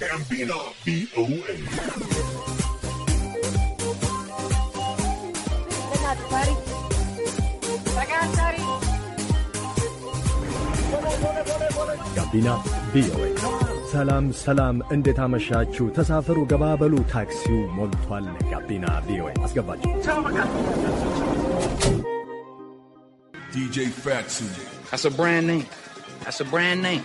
ጋቢና ቪኦኤ ጋቢና ቪኦኤ። ሰላም ሰላም፣ እንዴት አመሻችሁ? ተሳፈሩ፣ ገባበሉ፣ ታክሲው ሞልቷል። ጋቢና ቪኦኤ አስገባችሁ። DJ Fatsu. That's a brand name. That's a brand name.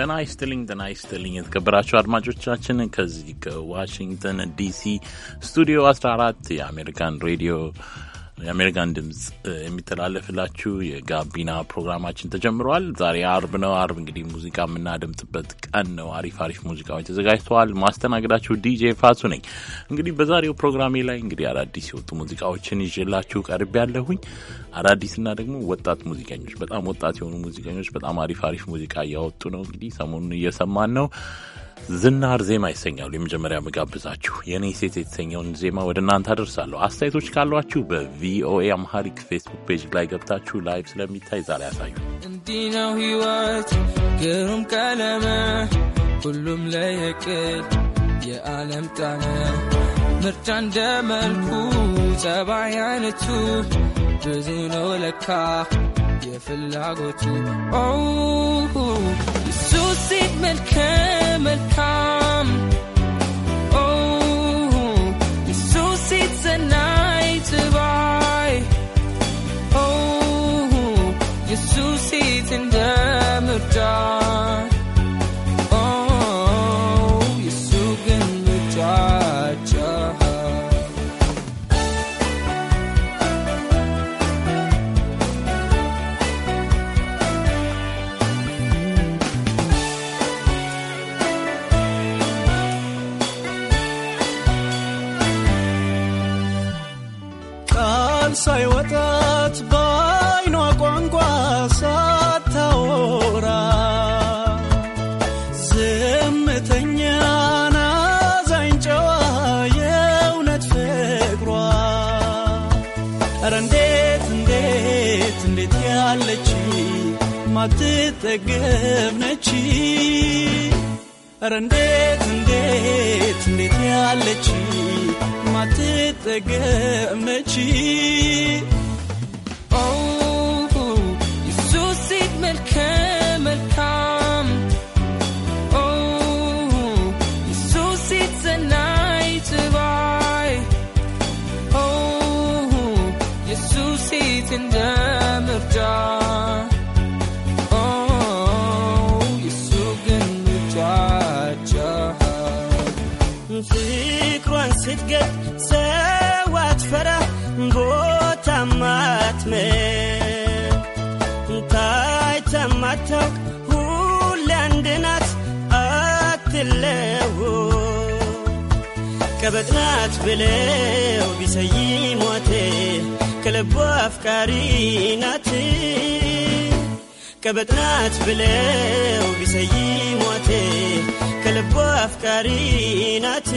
ጤና ይስጥልኝ ጤና ይስጥልኝ የተከበራችሁ አድማጮቻችን ከዚህ ከዋሽንግተን ዲሲ ስቱዲዮ 14 የአሜሪካን ሬዲዮ የአሜሪካን ድምፅ የሚተላለፍላችሁ የጋቢና ፕሮግራማችን ተጀምረዋል። ዛሬ አርብ ነው። አርብ እንግዲህ ሙዚቃ የምናደምጥበት ቀን ነው። አሪፍ አሪፍ ሙዚቃዎች ተዘጋጅተዋል። ማስተናገዳችሁ ዲጄ ፋሱ ነኝ። እንግዲህ በዛሬው ፕሮግራሜ ላይ እንግዲህ አዳዲስ የወጡ ሙዚቃዎችን ይዤላችሁ ቀርቤ ያለሁኝ አዳዲስና ደግሞ ወጣት ሙዚቀኞች፣ በጣም ወጣት የሆኑ ሙዚቀኞች በጣም አሪፍ አሪፍ ሙዚቃ እያወጡ ነው። እንግዲህ ሰሞኑን እየሰማን ነው። ዝናር ዜማ ይሰኛሉ። የመጀመሪያ መጋብዛችሁ የእኔ ሴት የተሰኘውን ዜማ ወደ እናንተ አደርሳለሁ። አስተያየቶች ካሏችሁ በቪኦኤ አምሃሪክ ፌስቡክ ፔጅ ላይ ገብታችሁ ላይቭ ስለሚታይ ዛሬ ያሳዩ። እንዲህ ነው ህይወት፣ ግሩም ቀለመ፣ ሁሉም ለየቅል የዓለም ጣነ ምርጫ እንደ መልኩ ጸባይ አይነቱ ብዙ ነው ለካ የፍላጎቱ ሱሴት መልክ የማትጠገብ ነች። ኧረ እንዴት እንዴት እንዴት ያለች የማትጠገብ ነች። Oh, Yesus sieht Melke, Melke. ስትገድ ሰው አትፈራ ቦታ አትምር ታይታም አታውቅ ሁሌ አንድ ናት አትለው ናት ብለው ቢሰይሟት ከልቧ አፍቃሪ ናት ቀበጥናት ብለው ቢሰይሟት ከልቧ አፍቃሪ ናት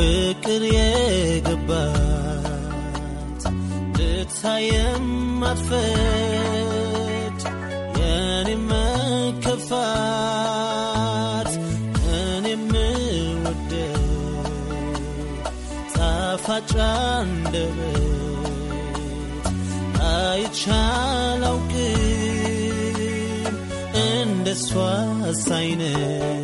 ፍቅር የገባት ልታየም አትፈድ የኔ መከፋት እኔ ምወደ ጣፋጭ አንደበት አይቻላውቅም እንደሷ ሳይነት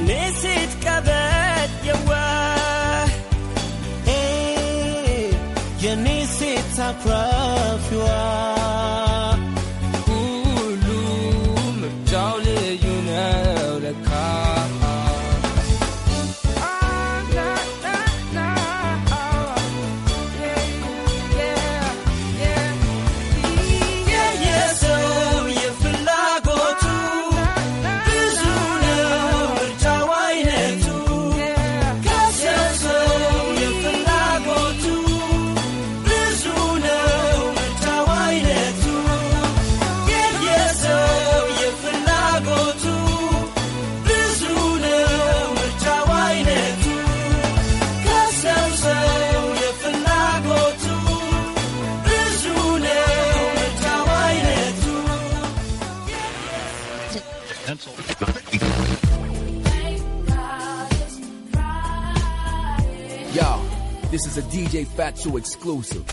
viene so exclusive.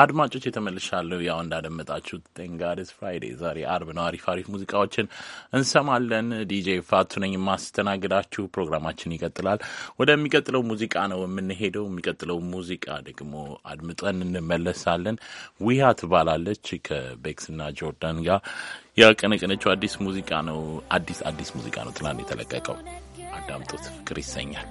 አድማጮች የተመልሻለሁ። ያው እንዳደመጣችሁት ቴንጋዴስ ፍራይዴ ዛሬ አርብ ነው። አሪፍ አሪፍ ሙዚቃዎችን እንሰማለን። ዲጄ ፋቱ ነኝ የማስተናግዳችሁ። ፕሮግራማችን ይቀጥላል። ወደሚቀጥለው ሙዚቃ ነው የምንሄደው። የሚቀጥለው ሙዚቃ ደግሞ አድምጠን እንመለሳለን። ዊያ ትባላለች ከቤክስና ጆርዳን ጋር ያቀነቀነችው አዲስ ሙዚቃ ነው። አዲስ አዲስ ሙዚቃ ነው፣ ትናንት የተለቀቀው። አዳምጡት፣ ፍቅር ይሰኛል።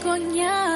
coñado.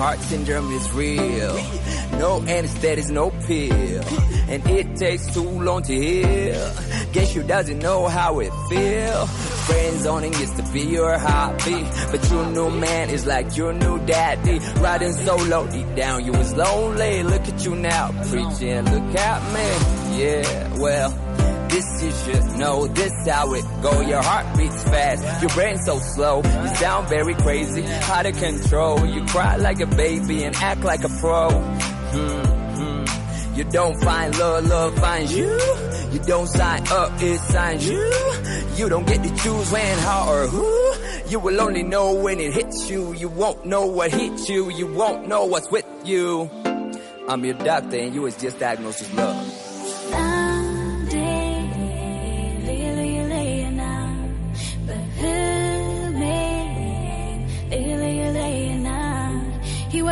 heart syndrome is real. No anesthetics, no pill. And it takes too long to heal. Guess you doesn't know how it feel. Friend zoning used to be your hobby. But your new man is like your new daddy. Riding solo, deep down you was lonely. Look at you now, preaching. Look at me. Yeah, well. This you should know, this how it go. Your heart beats fast, your brain so slow. You sound very crazy, out of control. You cry like a baby and act like a pro. Mm-hmm. You don't find love, love finds you. You don't sign up, it signs you. You don't get to choose when, how, or who. You will only know when it hits you. You won't know what hit you. You won't know what's with you. I'm your doctor and you was just diagnosed with love.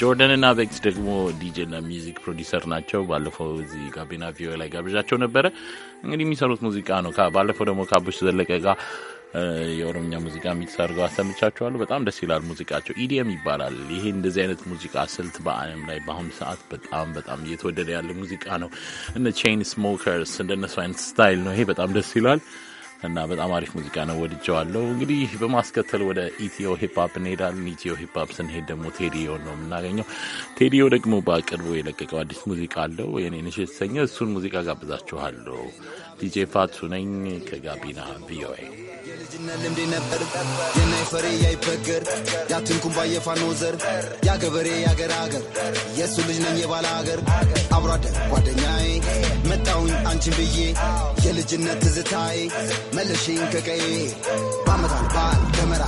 ጆርደን እና ደግሞ ዲጄ እና ሚዚክ ፕሮዲሰር ናቸው። ባለፈው እዚህ ጋቢና ቪዮ ላይ ጋብዣቸው ነበረ። እንግዲህ የሚሰሩት ሙዚቃ ነው። ባለፈው ደግሞ ከአቡሽ ዘለቀ ጋር የኦሮምኛ ሙዚቃ ሚክስ አድርገው አሰምቻቸዋለሁ። በጣም ደስ ይላል ሙዚቃቸው። ኢዲኤም ይባላል ይሄ እንደዚህ አይነት ሙዚቃ ስልት በዓለም ላይ በአሁኑ ሰዓት በጣም በጣም እየተወደደ ያለ ሙዚቃ ነው። እነ ቼን ስሞከርስ እንደነሱ አይነት ስታይል ነው። ይሄ በጣም ደስ ይላል። እና በጣም አሪፍ ሙዚቃ ነው፣ ወድጀዋለሁ። እንግዲህ በማስከተል ወደ ኢትዮ ሂፕሆፕ እንሄዳለን። ኢትዮ ሂፕሆፕ ስንሄድ ደግሞ ቴዲዮ ነው የምናገኘው። ቴዲዮ ደግሞ በቅርቡ የለቀቀው አዲስ ሙዚቃ አለው፣ የኔ የተሰኘ እሱን ሙዚቃ ጋብዛችኋለሁ። ዲጄ ፋቱ ነኝ ከጋቢና ቪኦኤ የልጅነት ልምዴ ነበር የናይፈሬ ያይበገር ያቱን የፋኖ ዘር ያገበሬ ያገር አገር የእሱ ልጅ ነኝ የባለ አገር አብሮ አደግ ጓደኛዬ መጣሁኝ አንቺን ብዬ የልጅነት ትዝታዬ መለሽኝ ከቀዬ ባመታል በዓል ደመራ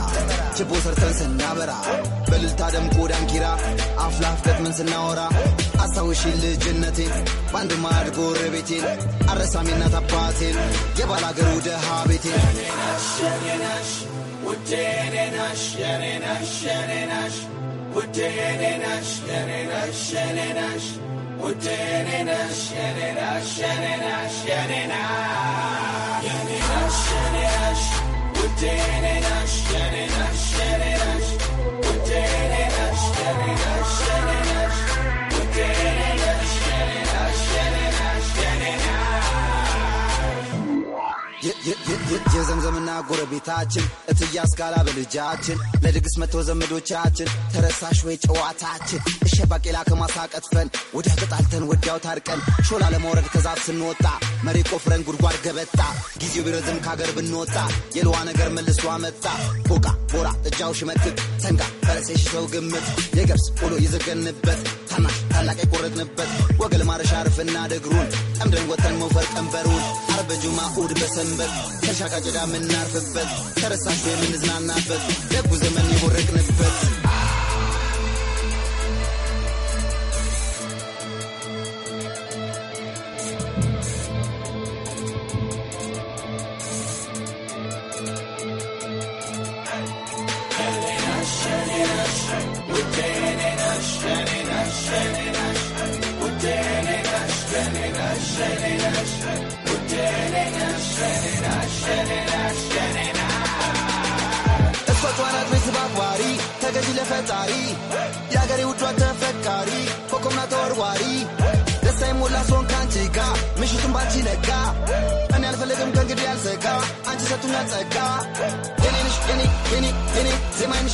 ችቦ ሰርተን ስናበራ በልልታ ደምቆ ዳንኪራ አፍላፍ ፍገጥምን ስናወራ አስታውሺኝ ልጅነቴን በአንድ ማድ ጎረቤቴን አረሳም እናት አባቴን የባላገሩ ደሃ ቤቴን ውዴ የኔ ነሽ የኔ ነሽ Yeah. የዘምዘምና ጎረቤታችን እትዬ አስካላ በልጃችን ለድግስ መቶ ዘመዶቻችን ተረሳሽ ወይ ጨዋታችን እሸ ባቄላ ከማሳ ቀጥፈን ወዲያ ተጣልተን ወዲያው ታርቀን ሾላ ለመውረድ ከዛፍ ስንወጣ መሬ ቆፍረን ጉድጓድ ገበጣ ጊዜው ቢረዝም ካገር ብንወጣ የልዋ ነገር መልሶ መጣ ቦቃ ቦራ እጃው ሽመክት ሰንጋ ፈረሴ ሽሰው ግምት የገብስ ቆሎ የዘገንበት ታናሽ ታላቅ የቆረጥንበት ወገል ማረሻ ርፍና ደግሩን ጠምደን ወተን መውፈር ቀንበሩን አርበጁማ እሑድ በሰንበር የምንኖርበት ከሻቃጭዳ የምናርፍበት ከረሳሹ የምንዝናናበት ደጉ ዘመን የቦረቅንበት ፈጣሪ የአገሬ ውዷ ተፈቃሪ ኮከብና ተወርዋሪ ደስታ የሞላ ሶን ከአንቺ ጋ ምሽቱን ባንቺ ነጋ እኔ አልፈለግም ከእንግዲህ ያልሰጋ አንቺ ሰጡኛል ጸጋ የኔ ነሽ የኔ የኔ የኔ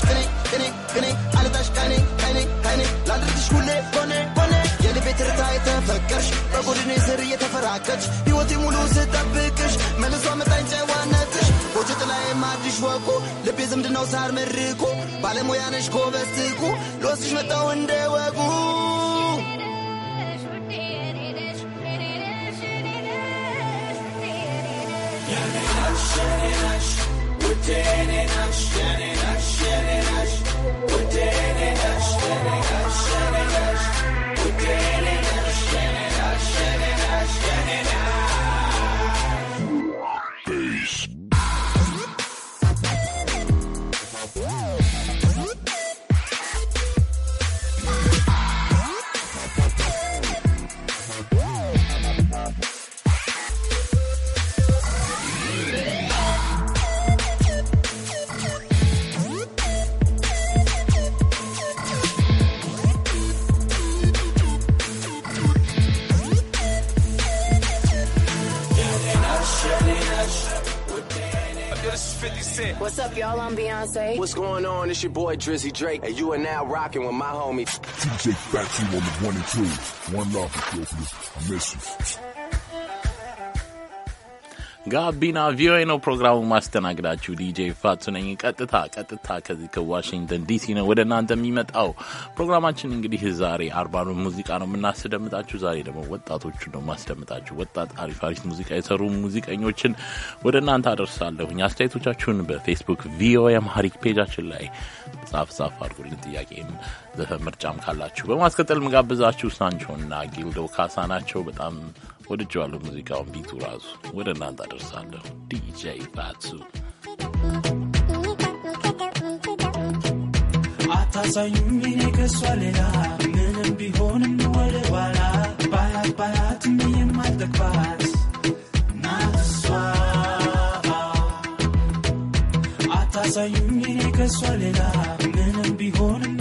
ቅኔ ቅኔ ቅኔ አለታሽ ቀኔ ቀኔ ቀኔ ላድርግሽ ሁሌ ኮኔ ኮኔ የልቤ ትርታ የተፈቀርሽ በጎድኔ ስር እየተፈራቀች ሕይወቴ ሙሉ ስጠብቅሽ መልሶ አመጣኝ ጨዋነትሽ ጎጆ ጥላዬ ማድሽ ወቁ ልቤ ዝምድናው ሳር ምርቁ ባለሙያነሽ ኮበስቲቁ ልወስድሽ መጣው እንደ ወጉ Yeah, 50 Cent. What's up, y'all? I'm Beyonce. What's going on? It's your boy Drizzy Drake, and you are now rocking with my homie TJ Fatu on the one and two. One love, Ethiopia. I miss you. ጋቢና ቪኦኤ ነው ፕሮግራሙ። ማስተናግዳችሁ ዲጄ ፋቱ ነኝ። ቀጥታ ቀጥታ ከዚህ ከዋሽንግተን ዲሲ ነው ወደ እናንተ የሚመጣው ፕሮግራማችን። እንግዲህ ዛሬ አርባኑን ሙዚቃ ነው የምናስደምጣችሁ። ዛሬ ደግሞ ወጣቶቹ ነው ማስደምጣችሁ ወጣት አሪፍ አሪፍ ሙዚቃ የሰሩ ሙዚቀኞችን ወደ እናንተ አደርሳለሁኝ። አስተያየቶቻችሁን በፌስቡክ ቪኦኤ አማሪክ ፔጃችን ላይ ጻፍ ጻፍ አድርጉልን ጥያቄም ዘፈን ምርጫም ካላችሁ። በማስቀጠል ምጋብዛችሁ ሳንቾና ጊልዶ ካሳ ናቸው በጣም ወድጀዋለሁ። ሙዚቃውን ቢቱ ራሱ ወደ እናንተ አደርሳለሁ። ዲጄ ፋቱ አታሳዩኝ እኔ ከሷ ሌላ ምንም ቢሆንም ወደ ኋላ ባያት ባያትም የማልጠግባት ናት እሷ አታሳዩኝ እኔ ከሷ ሌላ ምንም ቢሆንም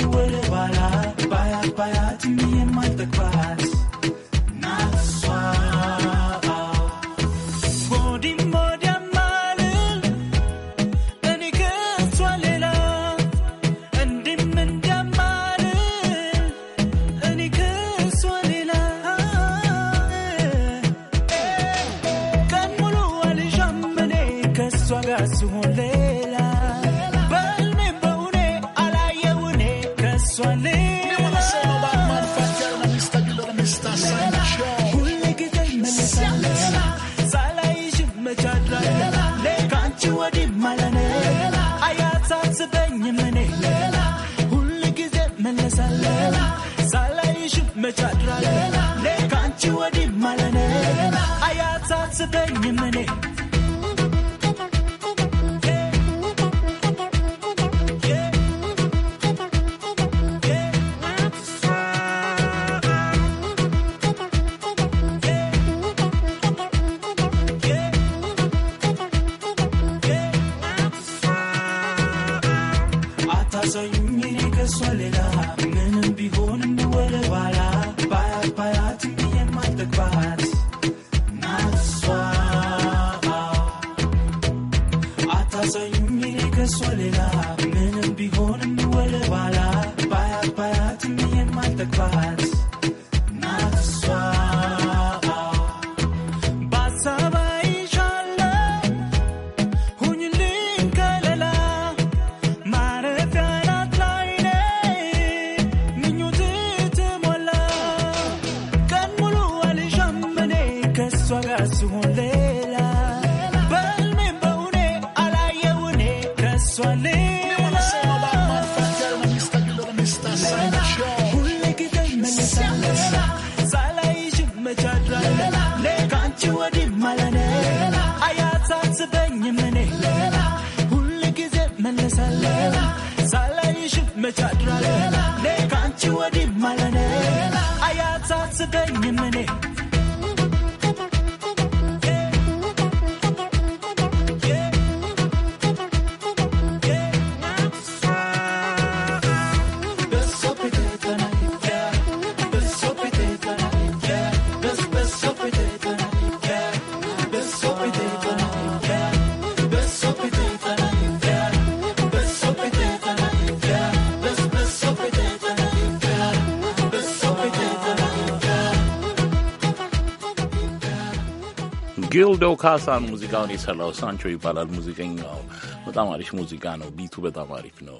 ወንደው ካሳን ሙዚቃውን የሰራው ሳንቾ ይባላል ሙዚቀኛው። በጣም አሪፍ ሙዚቃ ነው። ቢቱ በጣም አሪፍ ነው።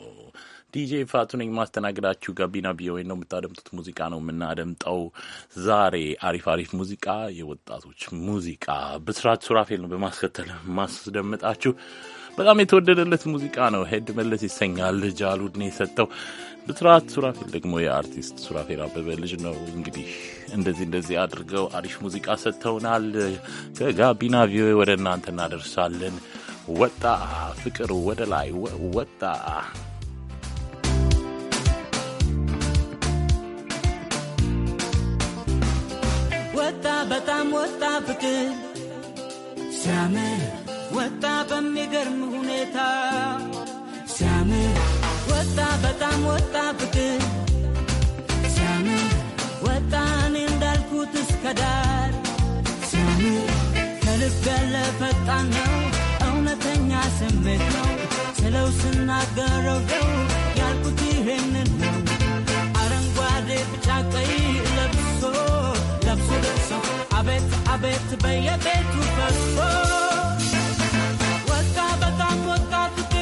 ዲጄ ፋቱ ነኝ የማስተናግዳችሁ። ጋቢና ቪኦኤ ነው የምታደምጡት። ሙዚቃ ነው የምናደምጠው ዛሬ አሪፍ አሪፍ ሙዚቃ፣ የወጣቶች ሙዚቃ ብስራት ሱራፌል ነው በማስከተል ማስደምጣችሁ። በጣም የተወደደለት ሙዚቃ ነው። ሄድ መለስ ይሰኛል። ጃሉድን የሰጠው ብስራት ሱራፌል ደግሞ የአርቲስት ሱራፌል አበበ ልጅ ነው። እንግዲህ እንደዚህ እንደዚህ አድርገው አሪፍ ሙዚቃ ሰጥተውናል። ከጋቢና ቪኦኤ ወደ እናንተ እናደርሳለን። ወጣ ፍቅር ወደ ላይ ወጣ ወጣ በጣም ወጣ ፍቅር ሲያምር ወጣ በሚገርም ሁኔታ ወጣ በጣም ወጣ ፍቅር ሲያምር ወጣ እኔ እንዳልኩት እስከ ዳር ሲያምር ከልብ ያለ ፈጣን ነው እውነተኛ ስሜት ነው ስለው ስናገረው ደው ያልኩት ይሄንን ነው አረንጓዴ ቢጫ ቀይ ለብሶ ለብሶ ደርሶ አቤት አቤት በየቤቱ ፈሶ ወጣ በጣም ወጣ ፍቅር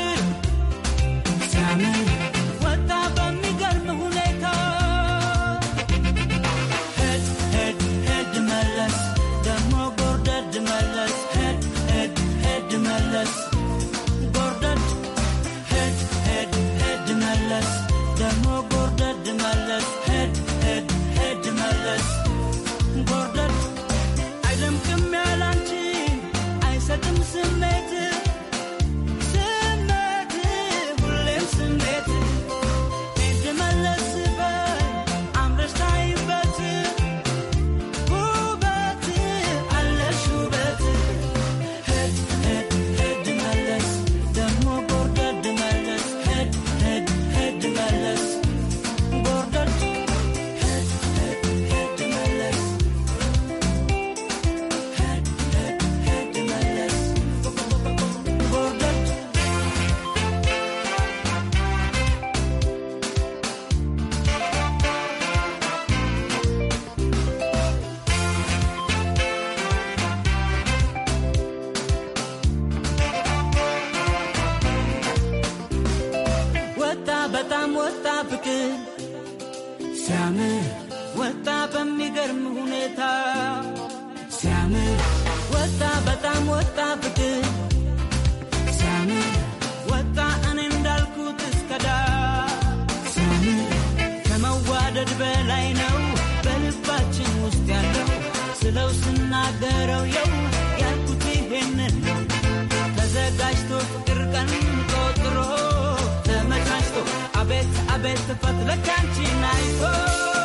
ሲጠብቅን ሲያምር ወጣ በሚገርም ሁኔታ ሲያምር ወጣ በጣም ወጣ ብድን ሲያምር ወጣ እኔ እንዳልኩት እስከዳ ሲያምር ከመዋደድ በላይ ነው በልባችን ውስጥ ያለው ስለው ስናገረው የው ያልኩት ይሄንን ነው ተዘጋጅቶ ፍቅር ቀን I bet the fat the country night. Oh.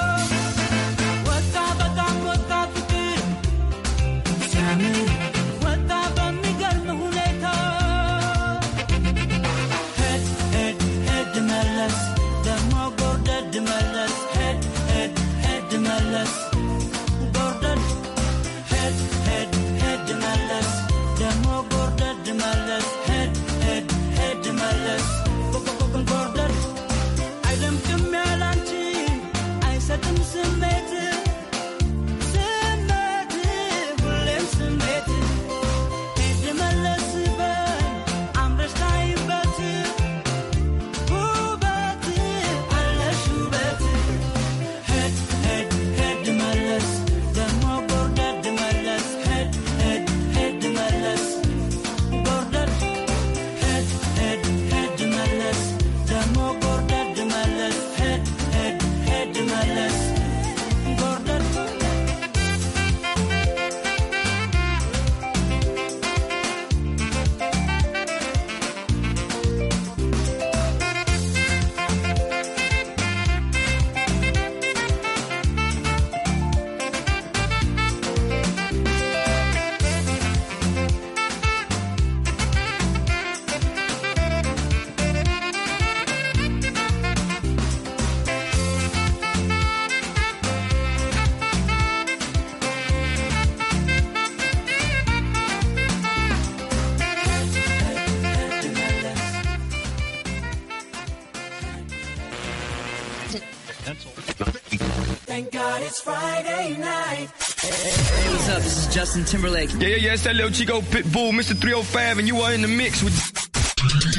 Friday night. Hey, what's up? This is Justin Timberlake. Yeah, yeah, yeah. It's that little Chico Pitbull, Mr. 305, and you are in the mix with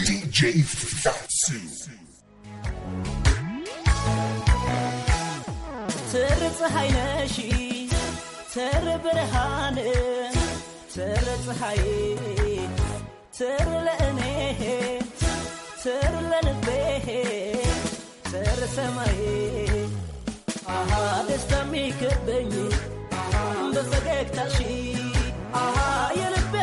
DJ Fatsu. ፀሐይ ነሺ ብርሃን ፀሐይ ለእኔ ለልቤ ሰማይ ደስታ የሚከበኝ በፈገግታሽ የልቤ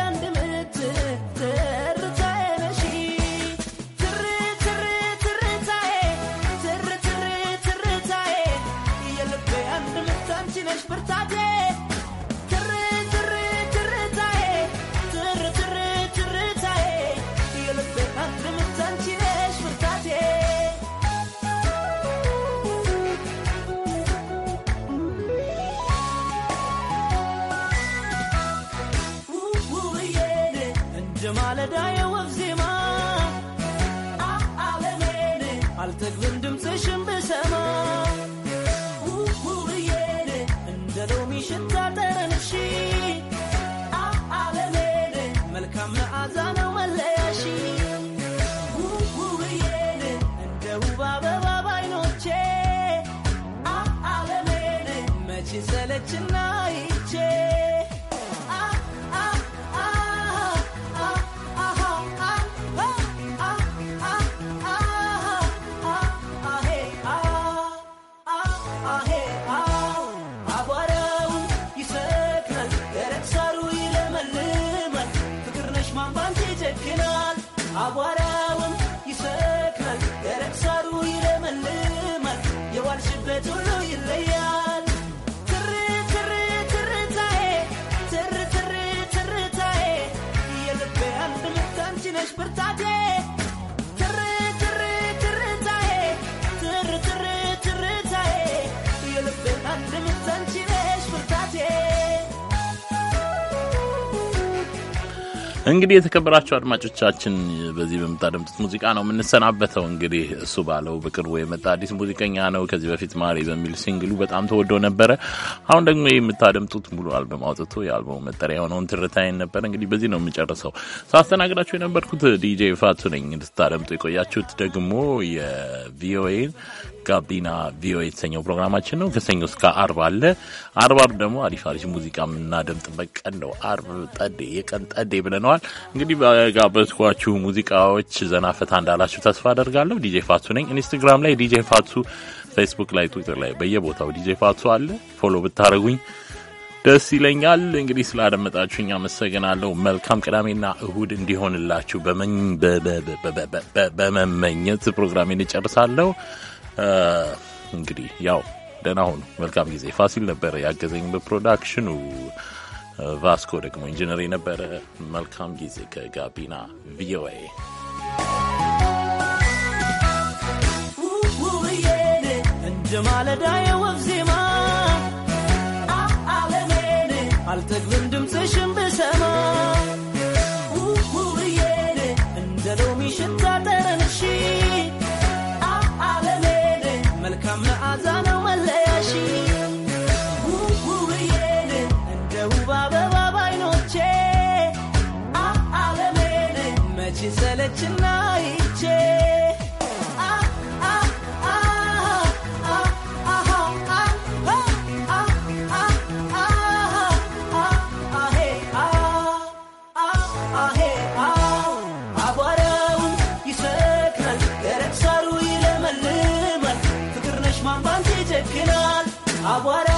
She said, let you know. እንግዲህ የተከበራችሁ አድማጮቻችን በዚህ በምታደምጡት ሙዚቃ ነው የምንሰናበተው። እንግዲህ እሱ ባለው በቅርቡ የመጣ አዲስ ሙዚቀኛ ነው። ከዚህ በፊት ማሪ በሚል ሲንግሉ በጣም ተወዶ ነበረ። አሁን ደግሞ የምታደምጡት ሙሉ አልበም አውጥቶ የአልበሙ መጠሪያ የሆነውን ትርታይን ነበረ። እንግዲህ በዚህ ነው የምንጨርሰው። ሳስተናግዳችሁ የነበርኩት ዲጄ ፋቱ ነኝ። እንድታደምጡ የቆያችሁት ደግሞ የቪኦኤን ጋቢና ቪኦኤ የተሰኘው ፕሮግራማችን ነው። ከሰኞ እስከ አርብ አለ። አርብ አርብ ደግሞ አሪፍ አሪፍ ሙዚቃ የምናደምጥበት ቀን ነው። አርብ ጠዴ፣ የቀን ጠዴ ብለነዋል። እንግዲህ በጋበዝኳችሁ ሙዚቃዎች ዘና ፈታ እንዳላችሁ ተስፋ አደርጋለሁ። ዲጄ ፋቱ ነኝ። ኢንስታግራም ላይ ዲጄ ፋቱ፣ ፌስቡክ ላይ፣ ትዊተር ላይ በየቦታው ዲጄ ፋቱ አለ። ፎሎ ብታደረጉኝ ደስ ይለኛል። እንግዲህ ስላደመጣችሁኝ አመሰግናለሁ። መልካም ቅዳሜና እሁድ እንዲሆንላችሁ በመመኘት ፕሮግራሜን እጨርሳለሁ። እንግዲህ ያው ደህና ሁኑ፣ መልካም ጊዜ። ፋሲል ነበረ ያገዘኝ በፕሮዳክሽኑ፣ ቫስኮ ደግሞ ኢንጂነር ነበረ መልካም ጊዜ ከጋቢና ቪኦኤ እንደ ማለዳ የወፍ ዜማ አለሜ ድምፅሽን ብሰማ I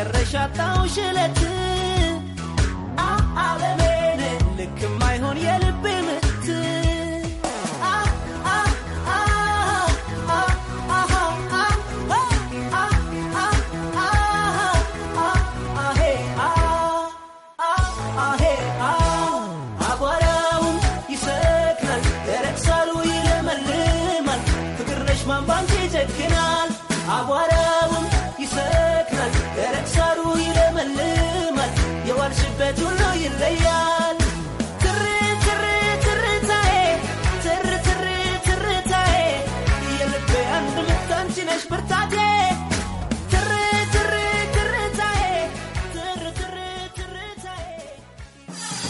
መጨረሻ ጣውሽለት